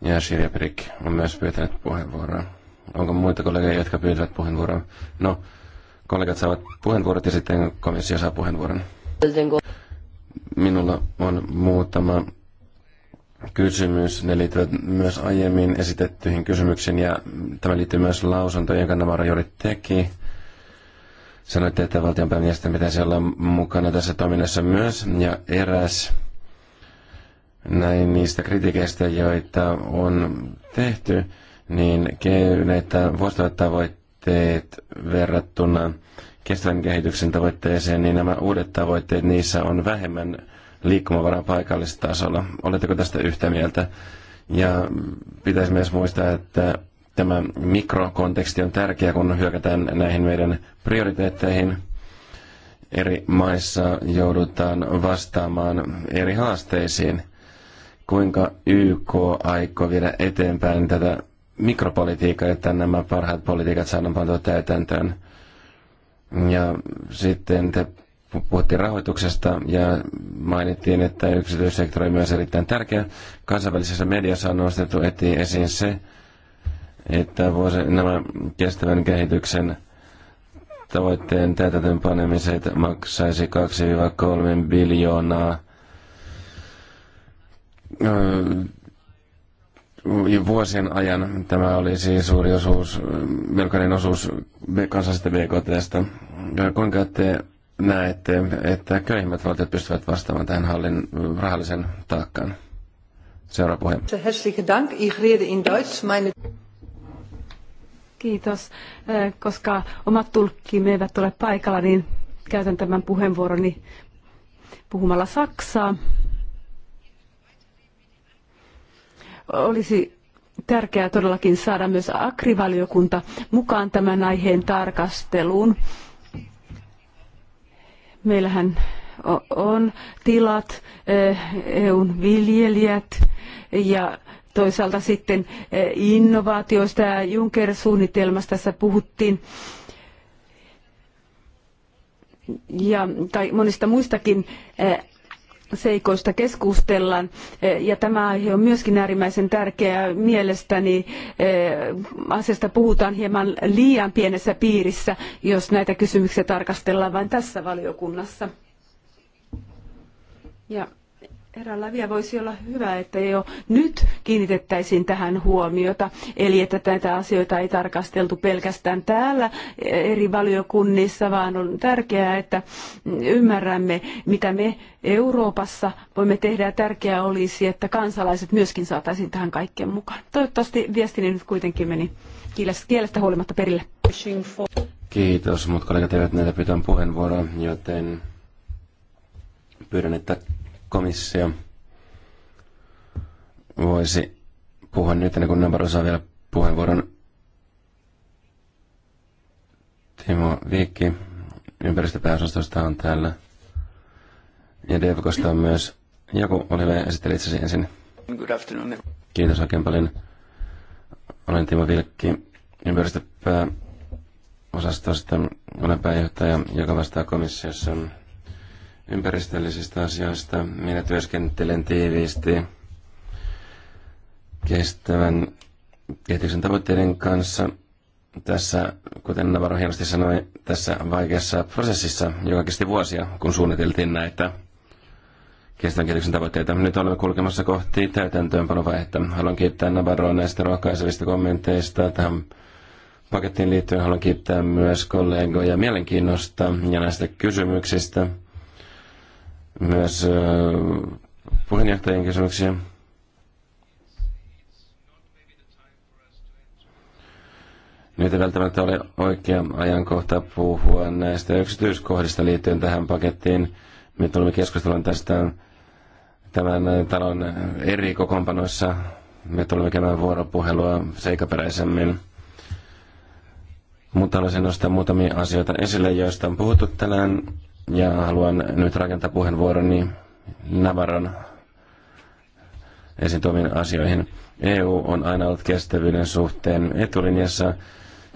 Ja Shirja Perik on myös pyytänyt puheenvuoroa. Onko muita kollegoja, jotka pyytävät puheenvuoroa? No, kollegat saavat puheenvuorot ja sitten komissio saa puheenvuoron. Minulla on muutama kysymys. Ne liittyvät myös aiemmin esitettyihin kysymyksiin ja tämä liittyy myös lausuntoihin, jonka Navarro juuri teki. Sanoitte, että valtionpäämiesten pitäisi olla mukana tässä toiminnassa myös ja eräs näin niistä kritiikeistä, joita on tehty, niin näitä vuosittain tavoitteet verrattuna kestävän kehityksen tavoitteeseen, niin nämä uudet tavoitteet, niissä on vähemmän liikkumavaraa tasolla. Oletteko tästä yhtä mieltä? Ja pitäisi myös muistaa, että tämä mikrokonteksti on tärkeä, kun hyökätään näihin meidän prioriteetteihin. Eri maissa joudutaan vastaamaan eri haasteisiin. Kuinka YK aikoo viedä eteenpäin tätä mikropolitiikkaa, että nämä parhaat politiikat saadaan pantua täytäntöön? Ja sitten te puhuttiin rahoituksesta ja mainittiin, että yksityissektori on myös erittäin tärkeä. Kansainvälisessä mediassa on nostettu etiin esiin se, että vuosi, nämä kestävän kehityksen tavoitteen täytäntöön panemiset maksaisi 2-3 biljoonaa vuosien ajan. Tämä oli siis suuri osuus, melkoinen osuus kansallisesta BKTstä. Kuinka te näette, että köyhimmät valtiot pystyvät vastaamaan tähän hallin rahallisen taakkaan? Seuraava puhe. Herzlichen Dank. Ich rede in Deutsch. Meine... Kiitos. Eh, koska omat tulkkimme eivät ole paikalla, niin käytän tämän puheenvuoroni puhumalla Saksaa. Olisi tärkeää todellakin saada myös akrivaliokunta mukaan tämän aiheen tarkasteluun. Meillähän on tilat, eh, EUn viljelijät ja toisaalta sitten eh, innovaatioista ja Juncker-suunnitelmasta tässä puhuttiin ja, tai monista muistakin eh, seikoista keskustellaan. Eh, ja tämä aihe on myöskin äärimmäisen tärkeä. Mielestäni eh, asiasta puhutaan hieman liian pienessä piirissä, jos näitä kysymyksiä tarkastellaan vain tässä valiokunnassa. Ja Eräällä vielä voisi olla hyvä, että jo nyt kiinnitettäisiin tähän huomiota, eli että näitä asioita ei tarkasteltu pelkästään täällä eri valiokunnissa, vaan on tärkeää, että ymmärrämme, mitä me Euroopassa voimme tehdä, ja tärkeää olisi, että kansalaiset myöskin saataisiin tähän kaikkeen mukaan. Toivottavasti viestini nyt kuitenkin meni kielestä huolimatta perille. Kiitos, mutta kollegat eivät näitä pitää puheenvuoroa, joten pyydän, että komissio voisi puhua nyt, ennen kuin Nabaru saa vielä puheenvuoron. Timo Viikki ympäristöpääosastosta on täällä. Ja Devkosta on myös joku. Oli hyvä, esitteli itsesi ensin. Good afternoon. Kiitos oikein paljon. Olen Timo Vilkki ympäristöpääosastosta. Olen pääjohtaja, joka vastaa komissiossa ympäristöllisistä asioista. Minä työskentelen tiiviisti kestävän kehityksen tavoitteiden kanssa tässä, kuten Navarro hienosti sanoi, tässä vaikeassa prosessissa, joka kesti vuosia, kun suunniteltiin näitä kestävän kehityksen tavoitteita. Nyt olemme kulkemassa kohti täytäntöönpanovaihetta. Haluan kiittää Navarroa näistä rohkaisevista kommenteista tähän pakettiin liittyen. Haluan kiittää myös kollegoja mielenkiinnosta ja näistä kysymyksistä myös puheenjohtajien kysymyksiä. Nyt ei välttämättä ole oikea ajankohta puhua näistä yksityiskohdista liittyen tähän pakettiin. Me tulemme keskustelemaan tästä tämän talon eri kokoonpanoissa. Me tulemme käymään vuoropuhelua seikaperäisemmin. Mutta haluaisin nostaa muutamia asioita esille, joista on puhuttu tänään ja haluan nyt rakentaa puheenvuoroni Navaron esiin tuomiin asioihin. EU on aina ollut kestävyyden suhteen etulinjassa.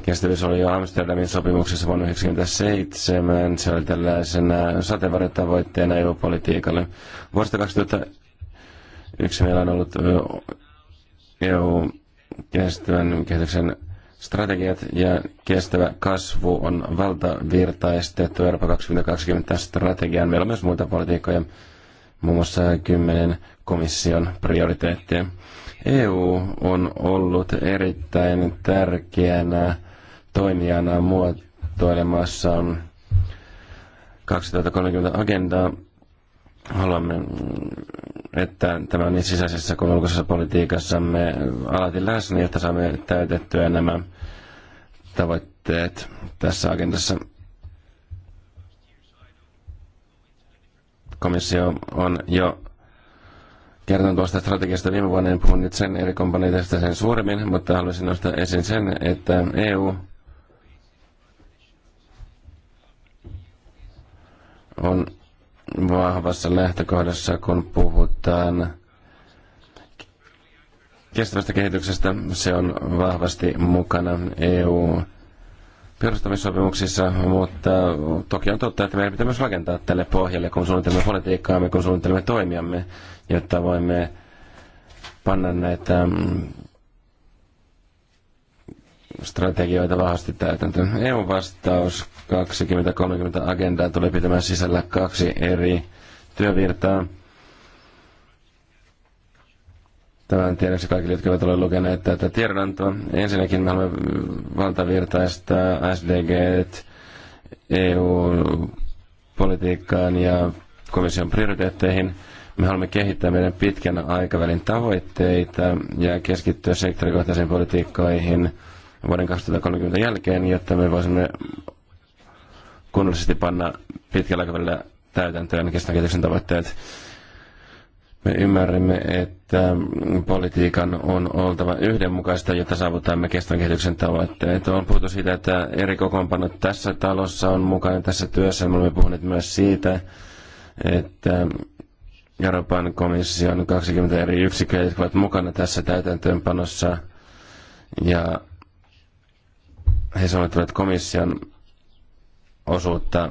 Kestävyys oli jo Amsterdamin sopimuksessa vuonna 1997. Se oli tällaisena sateenvarjotavoitteena EU-politiikalle. Vuodesta 2001 meillä on ollut EU-kestävän kehityksen strategiat ja kestävä kasvu on valtavirtaistettu Euroopan 2020 strategiaan. Meillä on myös muita politiikkoja, muun muassa kymmenen komission prioriteettia. EU on ollut erittäin tärkeänä toimijana muotoilemassa 2030 agendaa Haluamme, että tämä niin sisäisessä kuin ulkoisessa politiikassamme alati läsnä, jotta saamme täytettyä nämä tavoitteet tässä agendassa. Komissio on jo kertonut tuosta strategiasta viime vuonna, en niin puhu nyt sen eri komponenteista sen suuremmin, mutta haluaisin nostaa esiin sen, että EU on vahvassa lähtökohdassa, kun puhutaan kestävästä kehityksestä. Se on vahvasti mukana EU perustamissopimuksissa, mutta toki on totta, että meidän pitää myös rakentaa tälle pohjalle, kun suunnittelemme politiikkaamme, kun suunnittelemme toimiamme, jotta voimme panna näitä strategioita vahvasti täytäntöön. EU-vastaus 2030 agendaa tulee pitämään sisällä kaksi eri työvirtaa. Tämän tiedoksi kaikille, jotka ovat olleet lukeneet tätä tiedonantoa. Ensinnäkin me haluamme valtavirtaista SDG EU-politiikkaan e ja komission prioriteetteihin. Me haluamme kehittää meidän pitkän aikavälin tavoitteita ja keskittyä sektorikohtaisiin politiikkoihin – vuoden 2030 jälkeen, jotta me voisimme kunnollisesti panna pitkällä aikavälillä täytäntöön kestävän kehityksen tavoitteet. Me ymmärrämme, että politiikan on oltava yhdenmukaista, jotta saavutamme kestävän kehityksen tavoitteet. On puhuttu siitä, että eri kokoonpanot tässä talossa on mukana tässä työssä. Me olemme puhuneet myös siitä, että Euroopan komission 20 eri yksiköitä, jotka ovat mukana tässä täytäntöönpanossa. Ja he soveltavat komission osuutta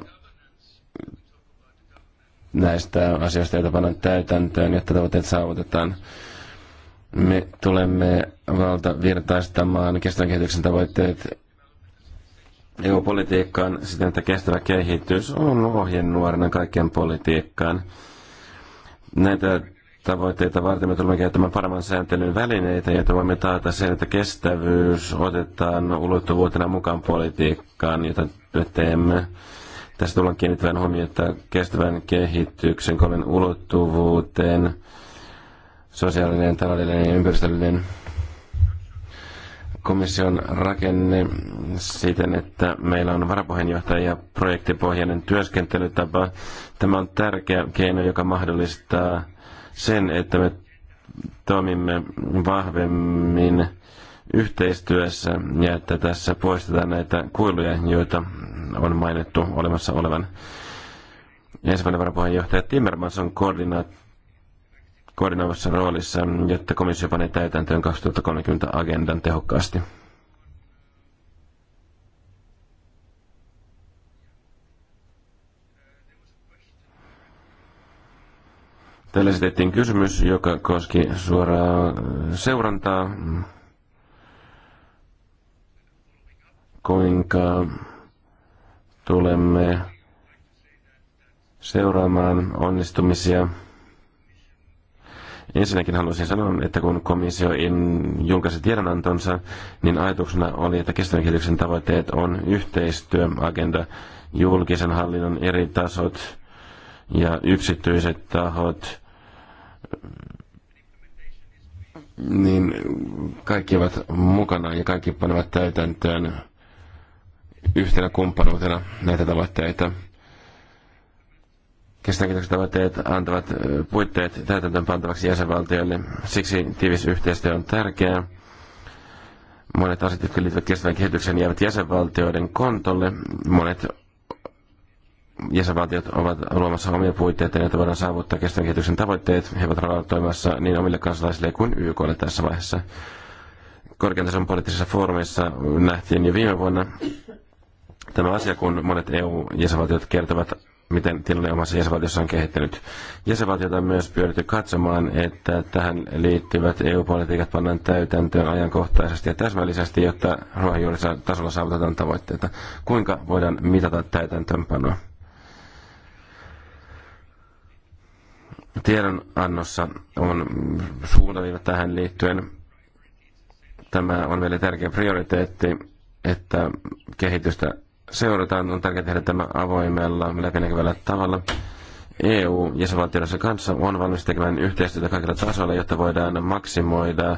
näistä asioista, joita pannaan täytäntöön, jotta tavoitteet saavutetaan. Me tulemme valtavirtaistamaan kestävän kehityksen tavoitteet EU-politiikkaan siten, että kestävä kehitys on ohjenuorena kaiken politiikkaan. Näitä tavoitteita varten me tulemme käyttämään paremman sääntelyn välineitä, jotta voimme taata sen, että kestävyys otetaan ulottuvuutena mukaan politiikkaan, jota me teemme. Tässä tullaan kiinnittämään huomiota kestävän kehityksen kolmen ulottuvuuteen, sosiaalinen, taloudellinen ja ympäristöllinen komission rakenne siten, että meillä on varapuheenjohtaja ja projektipohjainen työskentelytapa. Tämä on tärkeä keino, joka mahdollistaa sen, että me toimimme vahvemmin yhteistyössä ja että tässä poistetaan näitä kuiluja, joita on mainittu olemassa olevan. Ensimmäinen varapuheenjohtaja Timmermans on koordinaat koordinoivassa roolissa, jotta komissio panee täytäntöön 2030 agendan tehokkaasti. Täällä esitettiin kysymys, joka koski suoraa seurantaa. Kuinka tulemme seuraamaan onnistumisia? Ensinnäkin haluaisin sanoa, että kun komissio julkaisi tiedonantonsa, niin ajatuksena oli, että kestävän kehityksen tavoitteet on yhteistyöagenda, julkisen hallinnon eri tasot ja yksityiset tahot niin kaikki ovat mukana ja kaikki panevat täytäntöön yhtenä kumppanuutena näitä tavoitteita. tavoitteet antavat puitteet täytäntöön pantavaksi jäsenvaltioille. Siksi tiivis yhteistyö on tärkeää. Monet asiat, jotka liittyvät kestävän kehitykseen, jäävät jäsenvaltioiden kontolle. Monet jäsenvaltiot ovat luomassa omia puitteita, joita voidaan saavuttaa kestävän kehityksen tavoitteet. He ovat toimimassa niin omille kansalaisille kuin YKlle tässä vaiheessa. Korkean tason poliittisissa foorumeissa nähtiin jo viime vuonna tämä asia, kun monet EU-jäsenvaltiot kertovat, miten tilanne omassa jäsenvaltiossa on kehittynyt. Jäsenvaltiota on myös pyöritty katsomaan, että tähän liittyvät EU-politiikat pannaan täytäntöön ajankohtaisesti ja täsmällisesti, jotta ruohonjuurissa tasolla saavutetaan tavoitteita. Kuinka voidaan mitata täytäntöönpanoa? Tiedonannossa on suuntaviiva tähän liittyen. Tämä on meille tärkeä prioriteetti, että kehitystä seurataan. On tärkeää tehdä tämä avoimella, läpinäkyvällä tavalla. EU jäsenvaltioiden kanssa on valmis tekemään yhteistyötä kaikilla tasoilla, jotta voidaan maksimoida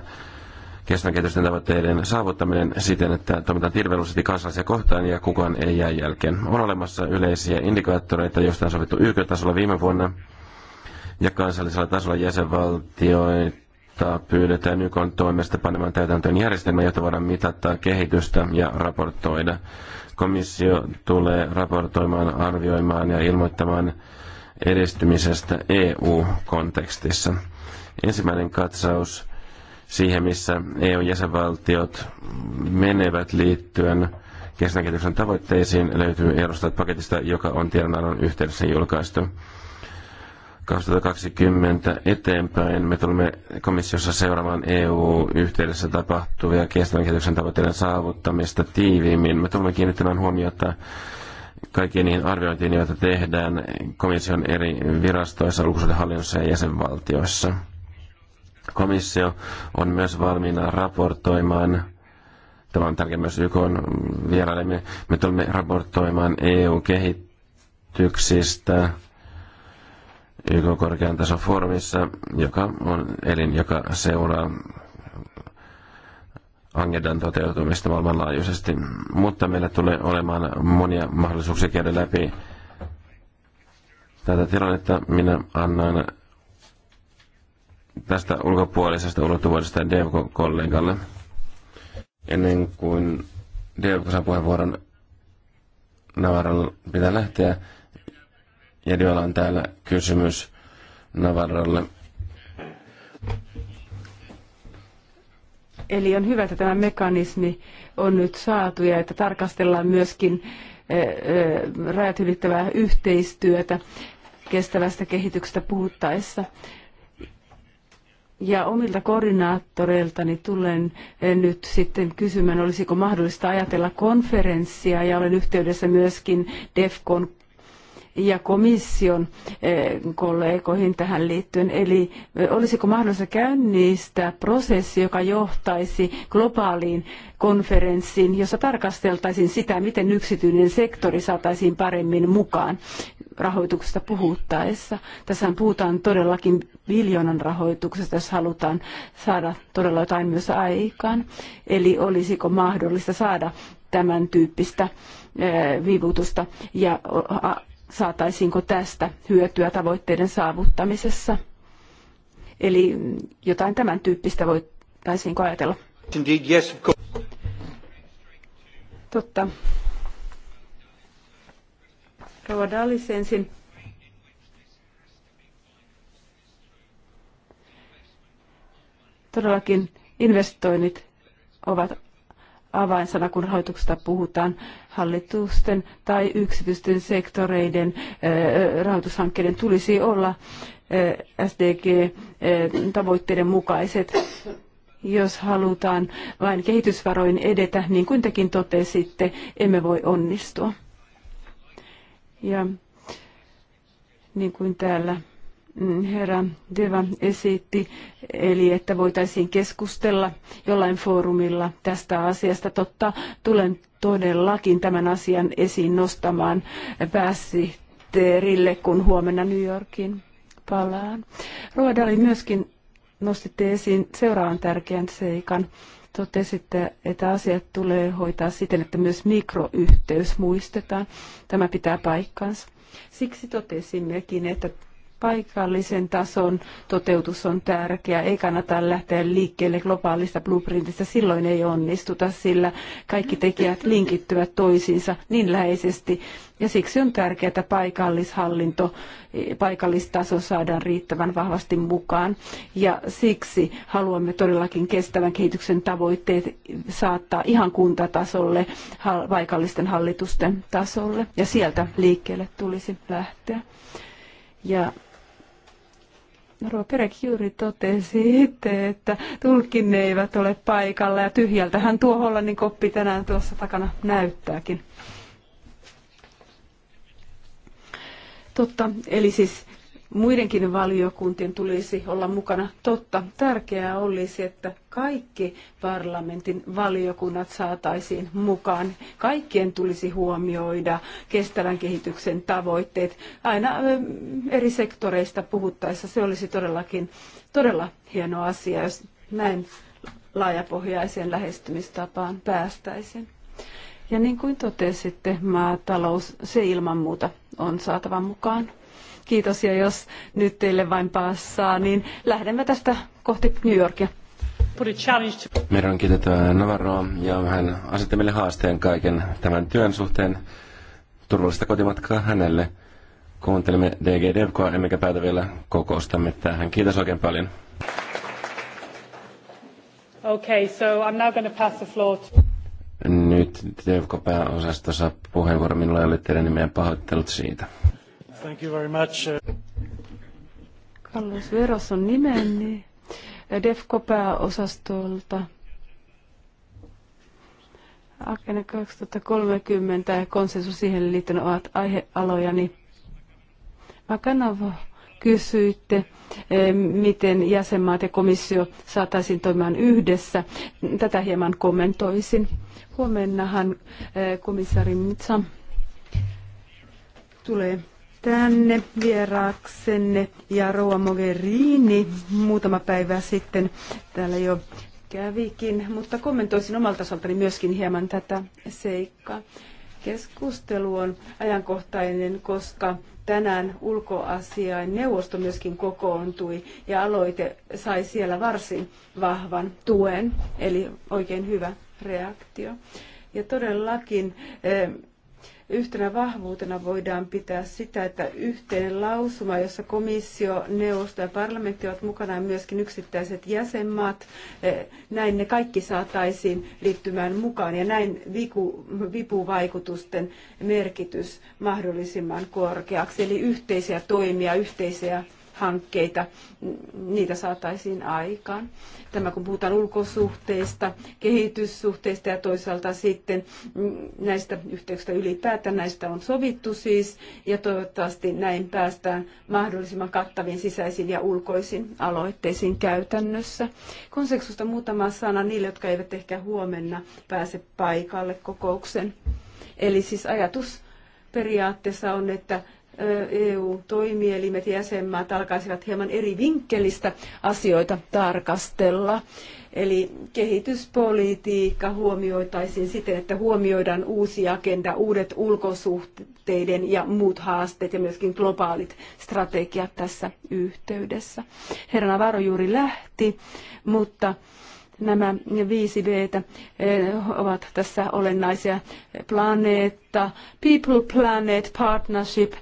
kestävän kehitysten tavoitteiden saavuttaminen siten, että toimitaan tirveellisesti kansalaisia kohtaan ja kukaan ei jää jälkeen. On olemassa yleisiä indikaattoreita, joista on sovittu YK-tasolla viime vuonna – ja kansallisella tasolla jäsenvaltioita pyydetään YK toimesta panemaan täytäntöön järjestelmä, jota voidaan mitata kehitystä ja raportoida. Komissio tulee raportoimaan, arvioimaan ja ilmoittamaan edistymisestä EU-kontekstissa. Ensimmäinen katsaus siihen, missä EU-jäsenvaltiot menevät liittyen kestävän tavoitteisiin löytyy Eurostat-paketista, joka on tiedonannon yhteydessä julkaistu. 2020 eteenpäin me tulemme komissiossa seuraamaan EU-yhteydessä tapahtuvia kestävän kehityksen tavoitteiden saavuttamista tiiviimmin. Me tulemme kiinnittämään huomiota kaikkiin niihin arviointiin, joita tehdään komission eri virastoissa, ulkosuhdehallinnossa ja jäsenvaltioissa. Komissio on myös valmiina raportoimaan Tämä on tärkeä myös YK vieraille. Me, me tulemme raportoimaan EU-kehityksistä, YK korkean tason foorumissa, joka on elin, joka seuraa Angedan toteutumista maailmanlaajuisesti. Mutta meillä tulee olemaan monia mahdollisuuksia käydä läpi tätä tilannetta. Minä annan tästä ulkopuolisesta ulottuvuudesta Devko-kollegalle. Ennen kuin Devko saa puheenvuoron, Navaral pitää lähteä. Ja Diola on täällä kysymys Navarrolle. Eli on hyvä, että tämä mekanismi on nyt saatu ja että tarkastellaan myöskin eh, eh, rajat ylittävää yhteistyötä kestävästä kehityksestä puhuttaessa. Ja omilta koordinaattoreiltani tulen eh, nyt sitten kysymään, olisiko mahdollista ajatella konferenssia ja olen yhteydessä myöskin DEFCON ja komission eh, kollegoihin tähän liittyen. Eli eh, olisiko mahdollista käynnistää prosessi, joka johtaisi globaaliin konferenssiin, jossa tarkasteltaisiin sitä, miten yksityinen sektori saataisiin paremmin mukaan rahoituksesta puhuttaessa. Tässä puhutaan todellakin miljoonan rahoituksesta, jos halutaan saada todella jotain myös aikaan. Eli olisiko mahdollista saada tämän tyyppistä eh, viivutusta ja saataisiinko tästä hyötyä tavoitteiden saavuttamisessa. Eli jotain tämän tyyppistä voitaisiinko ajatella? Totta. Rova Dallis ensin. Todellakin investoinnit ovat avainsana, kun rahoituksesta puhutaan hallitusten tai yksityisten sektoreiden rahoitushankkeiden tulisi olla SDG-tavoitteiden mukaiset jos halutaan vain kehitysvaroin edetä, niin kuin tekin totesitte, emme voi onnistua. Ja niin kuin täällä herra Deva esitti, eli että voitaisiin keskustella jollain foorumilla tästä asiasta. Totta, tulen todellakin tämän asian esiin nostamaan pääsihteerille, kun huomenna New Yorkin palaan. Ruodali myöskin nostitte esiin seuraavan tärkeän seikan. Totesitte, että asiat tulee hoitaa siten, että myös mikroyhteys muistetaan. Tämä pitää paikkansa. Siksi totesimmekin, että paikallisen tason toteutus on tärkeä. Ei kannata lähteä liikkeelle globaalista blueprintistä, silloin ei onnistuta, sillä kaikki tekijät linkittyvät toisiinsa niin läheisesti. Ja siksi on tärkeää, että paikallishallinto, paikallistaso saadaan riittävän vahvasti mukaan. Ja siksi haluamme todellakin kestävän kehityksen tavoitteet saattaa ihan kuntatasolle, paikallisten hallitusten tasolle. Ja sieltä liikkeelle tulisi lähteä. Ja Rova Perek juuri totesi itse, että tulkin eivät ole paikalla ja tyhjältähän tuo Hollannin koppi tänään tuossa takana näyttääkin. Totta, eli siis muidenkin valiokuntien tulisi olla mukana. Totta, tärkeää olisi, että kaikki parlamentin valiokunnat saataisiin mukaan. Kaikkien tulisi huomioida kestävän kehityksen tavoitteet. Aina eri sektoreista puhuttaessa se olisi todellakin todella hieno asia, jos näin laajapohjaiseen lähestymistapaan päästäisiin. Ja niin kuin totesitte, maatalous, se ilman muuta on saatava mukaan. Kiitos ja jos nyt teille vain passaa, niin lähdemme tästä kohti New Yorkia. Meidän on kiitettävä Navarroa ja hän asetti meille haasteen kaiken tämän työn suhteen. Turvallista kotimatkaa hänelle. Kuuntelemme DG Devkoa emmekä päätä vielä kokoustamme tähän. Kiitos oikein paljon. Okay, so I'm now going to pass the floor to... Nyt Devko pääosastossa puheenvuoro. Minulla ei ole teidän nimeä pahoittelut siitä. Thank you very much. Carlos Veros on nimeni DEFCO-pääosastolta. Agenda 2030 ja konsensus siihen liittyen ovat aihealojani. Makanavo kysyitte, eh, miten jäsenmaat ja komissio saataisiin toimimaan yhdessä. Tätä hieman kommentoisin. Huomennahan eh, komissaari Mitsa tulee tänne vieraaksenne ja roa Mogherini muutama päivä sitten täällä jo kävikin, mutta kommentoisin omalta osaltani myöskin hieman tätä seikkaa. Keskustelu on ajankohtainen, koska tänään ulkoasiain neuvosto myöskin kokoontui ja aloite sai siellä varsin vahvan tuen, eli oikein hyvä reaktio. Ja todellakin eh, Yhtenä vahvuutena voidaan pitää sitä, että yhteinen lausuma, jossa komissio, neuvosto ja parlamentti ovat mukana ja myöskin yksittäiset jäsenmaat, eh, näin ne kaikki saataisiin liittymään mukaan ja näin vipuvaikutusten merkitys mahdollisimman korkeaksi. Eli yhteisiä toimia, yhteisiä hankkeita, niitä saataisiin aikaan. Tämä kun puhutaan ulkosuhteista, kehityssuhteista ja toisaalta sitten näistä yhteyksistä ylipäätään, näistä on sovittu siis ja toivottavasti näin päästään mahdollisimman kattaviin sisäisiin ja ulkoisiin aloitteisiin käytännössä. Konseksusta muutama sana niille, jotka eivät ehkä huomenna pääse paikalle kokouksen. Eli siis ajatus periaatteessa on, että EU-toimielimet ja jäsenmaat alkaisivat hieman eri vinkkelistä asioita tarkastella. Eli kehityspolitiikka huomioitaisiin siten, että huomioidaan uusi agenda, uudet ulkosuhteiden ja muut haasteet ja myöskin globaalit strategiat tässä yhteydessä. Herra Navarro juuri lähti, mutta Nämä 5 b eh, ovat tässä olennaisia. Planeetta, People Planet, Partnership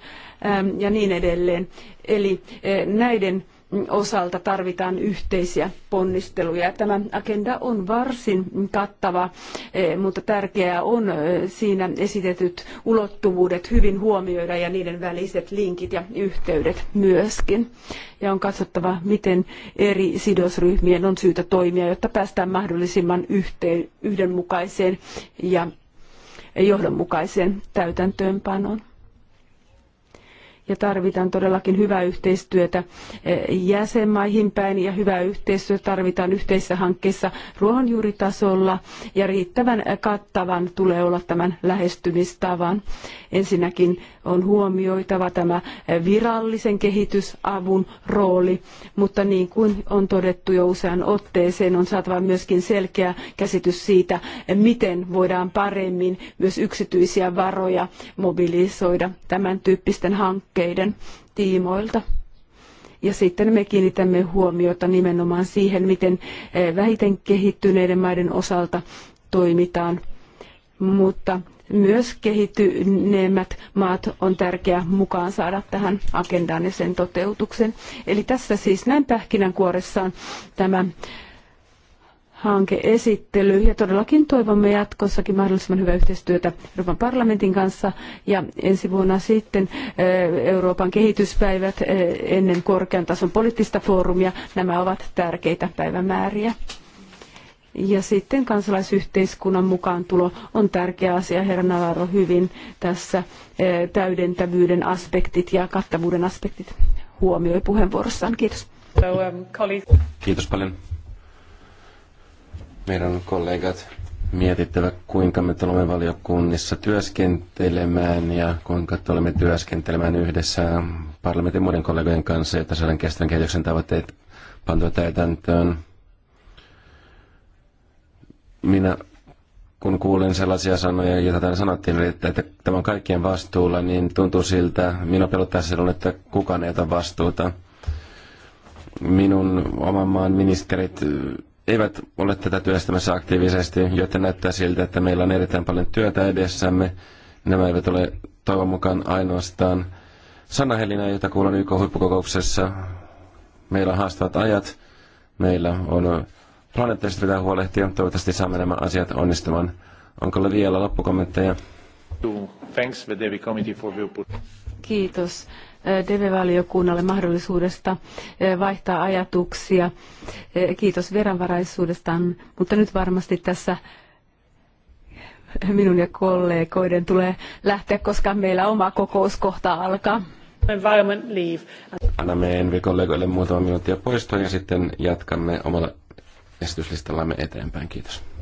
ehm, ja niin edelleen. Eli eh, näiden osalta tarvitaan yhteisiä ponnisteluja. Tämä agenda on varsin kattava, e, mutta tärkeää on e, siinä esitetyt ulottuvuudet hyvin huomioida ja niiden väliset linkit ja yhteydet myöskin. Ja on katsottava, miten eri sidosryhmien on syytä toimia, jotta päästään mahdollisimman yhteen, yhdenmukaiseen ja johdonmukaiseen täytäntöönpanoon ja tarvitaan todellakin hyvää yhteistyötä eh, jäsenmaihin päin ja hyvää yhteistyötä tarvitaan yhteisissä hankkeissa ruohonjuuritasolla ja riittävän kattavan tulee olla tämän lähestymistavan. Ensinnäkin on huomioitava tämä virallisen kehitysavun rooli, mutta niin kuin on todettu jo usean otteeseen, on saatava myöskin selkeä käsitys siitä, miten voidaan paremmin myös yksityisiä varoja mobilisoida tämän tyyppisten hankkeiden hankkeiden tiimoilta. Ja sitten me kiinnitämme huomiota nimenomaan siihen, miten eh, vähiten kehittyneiden maiden osalta toimitaan. Mutta myös kehittyneemmät maat on tärkeää mukaan saada tähän agendaan ja sen toteutuksen. Eli tässä siis näin pähkinänkuoressaan tämä hankeesittely ja todellakin toivomme jatkossakin mahdollisimman hyvää yhteistyötä Euroopan parlamentin kanssa ja ensi vuonna sitten eh, Euroopan kehityspäivät eh, ennen korkean tason poliittista foorumia. Nämä ovat tärkeitä päivämääriä. Ja sitten kansalaisyhteiskunnan mukaantulo on tärkeä asia. Herra Navarro hyvin tässä eh, täydentävyyden aspektit ja kattavuuden aspektit huomioi puheenvuorossaan. Kiitos. Um, Kiitos paljon. Meidän on kollegat mietittävä, kuinka me tulemme valiokunnissa työskentelemään ja kuinka tulemme työskentelemään yhdessä parlamentin muiden kollegojen kanssa, jotta saadaan kestävän kehityksen tavoitteet pantua täytäntöön. Minä kun kuulen sellaisia sanoja, joita täällä sanottiin, että, että tämä on kaikkien vastuulla, niin tuntuu siltä, minä pelottaa silloin, että kukaan ei ota vastuuta. Minun oman maan ministerit eivät ole tätä työstämässä aktiivisesti, joten näyttää siltä, että meillä on erittäin paljon työtä edessämme. Nämä eivät ole toivon mukaan ainoastaan sanahelinä, jota kuulen YK-huippukokouksessa. Meillä on haastavat ajat, meillä on planeettista pitää huolehtia. Toivottavasti saamme nämä asiat onnistumaan. Onko vielä loppukommentteja? Kiitos. TV-valiokunnalle mahdollisuudesta eh, vaihtaa ajatuksia. Eh, kiitos veranvaraisuudestaan, mutta nyt varmasti tässä minun ja kollegoiden tulee lähteä, koska meillä oma kokous kohta alkaa. Environment leave. Annamme Envi-kollegoille muutama minuuttia poistoon ja sitten jatkamme omalla esityslistallamme eteenpäin. Kiitos.